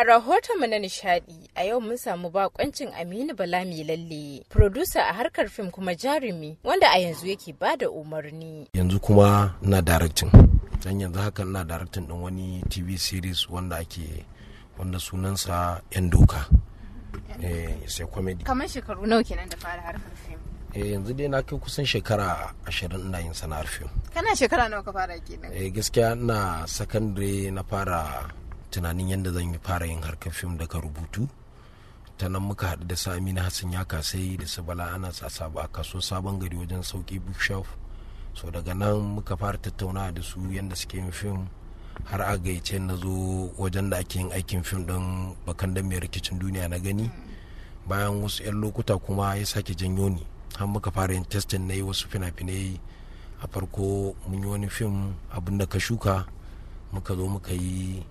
A rahoton mu na nishadi a yau mun samu bakoncin Aminu Bala mai lalle, producer a harkar fim kuma jarumi wanda a yanzu yake ba da umarni. Yanzu kuma na directing. Dan yanzu haka na directing din wani TV series wanda ake wanda sunansa 'yan doka. Eh, sai comedy. Kamar shekaru nawa kenan da fara harkar fim? eh yanzu dai na kai kusan shekara ashirin ina yin sana'ar fim kana shekara nawa ka fara kenan eh gaskiya na secondary na fara tunanin yadda zan yi fara yin harkar fim daga rubutu ta nan muka haɗu da sami na hassan ya kasai da su bala ana tsasa ba kaso sabon gari wajen sauki bookshelf so daga nan muka fara tattaunawa da su yadda suke yin fim har a gaice na zo wajen da ake yin aikin fim don bakan da mai rikicin duniya na gani bayan wasu 'yan lokuta kuma ya sake janyo ni har muka fara yin testin na yi wasu fina-finai a farko mun yi wani fim abin da ka shuka muka zo muka yi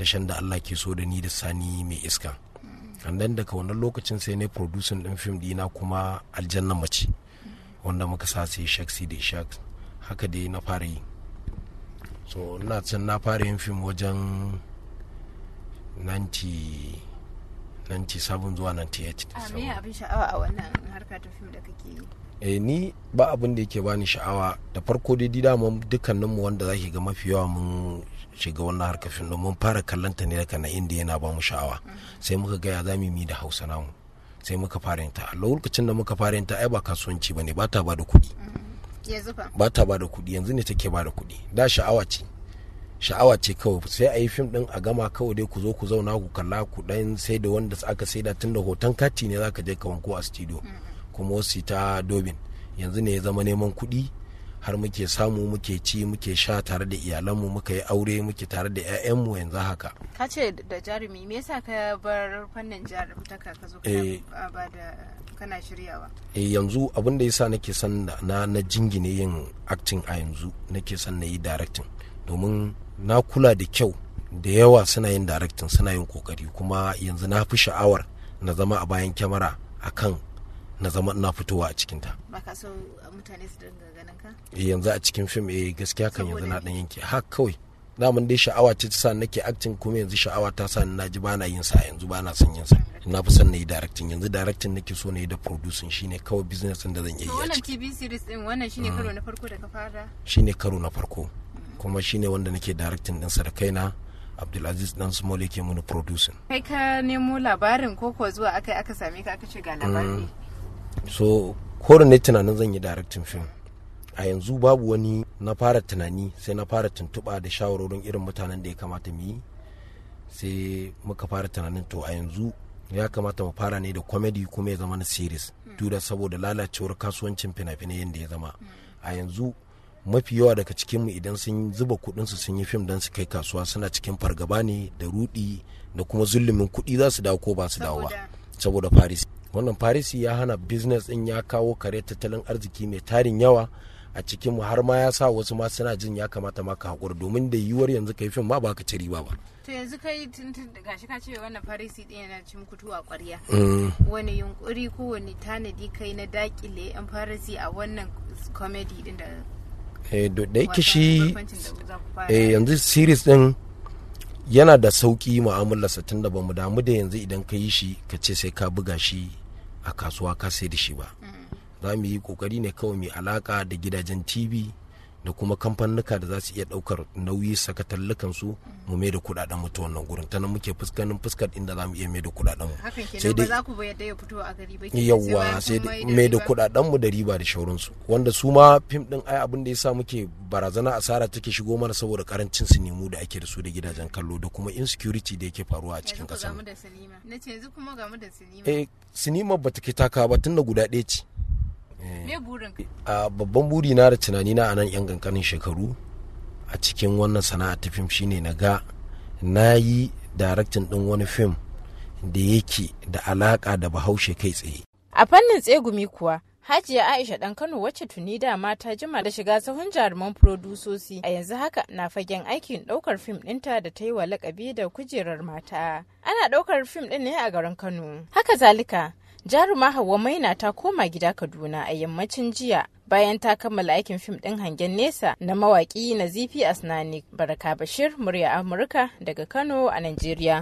na shan da Allah ke so da ni da sani mai iska dan daga wannan lokacin sai ne producing din fim dina kuma aljanna mace wanda muka sa sai shaksi da shak haka dai na fara yi so ina can na fara yin fim wajen 97 zuwa 98 a ah, me abin sha'awa a wannan harka ta fim da kake yi eh ni ba abin da yake bani sha'awa da farko dai dukkanin mu wanda zaki ga mafi yawa mun shiga wannan harkar fim mun fara kallon ta ne daga na inda yana ba mu sha'awa sai muka ga ya zamu yi da Hausa namu sai muka fara yin ta a lokacin da muka fara yin ta ai ba kasuwanci bane ba ta ba da kuɗi mm-hmm. ba ta ba da kuɗi yanzu ne take ba da kuɗi da sha'awa ce sha'awa ce kawai sai a yi fim din a gama kawai dai ku zo ku zauna ku kalla ku dan sai da wanda aka saida tun da hoton kati ne zaka je ka wanko a studio mm-hmm. kuma wasu ta dobin yanzu ne ya zama neman kuɗi har muke samu muke ci muke sha tare da iyalanmu muka yi aure muke tare da 'ya'yanmu yanzu haka ka ce da jarumi me yasa ka bar fannin jarumtaka ka zo eh. ba da kana shiryawa eh yanzu abin da yasa nake son na na jingine yin acting a yanzu nake son na yi directing domin na kula da kyau da yawa suna yin directing suna yin kokari kuma yanzu na fi sha'awar na zama a bayan kyamara a kan. na zama ina fitowa a cikin ta baka so uh, mutane su dinga ganin ka eh, yanzu a cikin fim eh gaskiya kan yanzu na dan yanke har kawai mun dai sha'awa ce ta sa nake acting kuma yanzu sha'awa ta sa na ji bana yin sa yanzu bana son yin sa na fi son na yi directing yanzu directing nake so na yi da producing shine kawai business din da zan yi wannan TV series din wannan shine mm. karo na farko da ka fara shine karo na farko mm. kuma shine wanda nake directing din sa da kaina Abdulaziz dan Small yake mini producing kai ka nemo labarin koko zuwa akai aka same ka aka ce ga labari mm. so kodan ne tunanin zan yi directing film a yanzu babu wani na fara tunani sai na fara tuntuɓa da shawarorin irin mutanen da ya kamata mu yi sai muka fara tunanin to a yanzu ya kamata mu fara ne da comedy kuma ya zama na series mm. duda saboda lalacewar kasuwancin fina-finai yadda ya zama a yanzu mafi yawa daga cikin mu idan sun zuba su sun yi fim don su kai kasuwa suna cikin fargaba ne da rudi da kuma zullumin kuɗi za su dawo ko ba su dawo ba saboda farisi wannan farisi ya hana business din ya kawo kare tattalin arziki mai tarin yawa a cikin mu har ma ya sa wasu ma suna jin ya kamata ma ka haƙura domin da yiwuwar yanzu ka yi fim ma ba ka ci riba ba. to yanzu kai tuntun gashi ka ce wannan farisi din yana cin kutu a ƙwarya. Mm. wani yunƙuri ko wani tanadi kai na dakile yan farisi a wannan comedy ɗin da. eh da yake shi eh, yanzu series din. yana da sauki mu'amalarsa tun da ba mu damu da yanzu idan ka yi shi ka ce sai ka buga shi a kasuwa ka sai da shi ba mm. za mu yi ƙoƙari ne kawai mai alaƙa da gidajen tv da kuma kamfanuka da za su iya daukar nauyi sakatallukan su mu mai da kudaden mu wannan gurin ta nan muke fuskanin fuskar inda za mu iya mai da kudaden mu sai dai sai dai mai da kudaden mu da riba da shaurin wanda su ma fim din ai abin da sa muke barazana asara take shigo mana saboda karancin nemu da ake da su da gidajen kallo da kuma insecurity da yake faruwa a cikin kasar na ce yanzu kuma mu da sinima eh sinima bata kai taka ba tunda guda ɗaya ce Eh. me burin a babban buri na da tunani na anan yan kankanin shekaru a cikin wannan sana'a ta fim shine na ga na yi daraktin din wani fim da yake da alaka da bahaushe kai tsaye a fannin tsegumi kuwa Hajiya Aisha ɗan Kano wacce tuni da mata jima da shiga sahun jaruman furodusosi a yanzu haka na fagen aikin ɗaukar fim ɗinta da ta yi wa lakabi da kujerar mata. Ana ɗaukar fim ɗin ne a garin Kano. Haka zalika jaruma hawa maina ta koma gida kaduna a yammacin jiya bayan ta kammala aikin fim ɗin hangen nesa na mawaƙi nazifi asnani baraka bashir murya amurka daga kano a nigeria.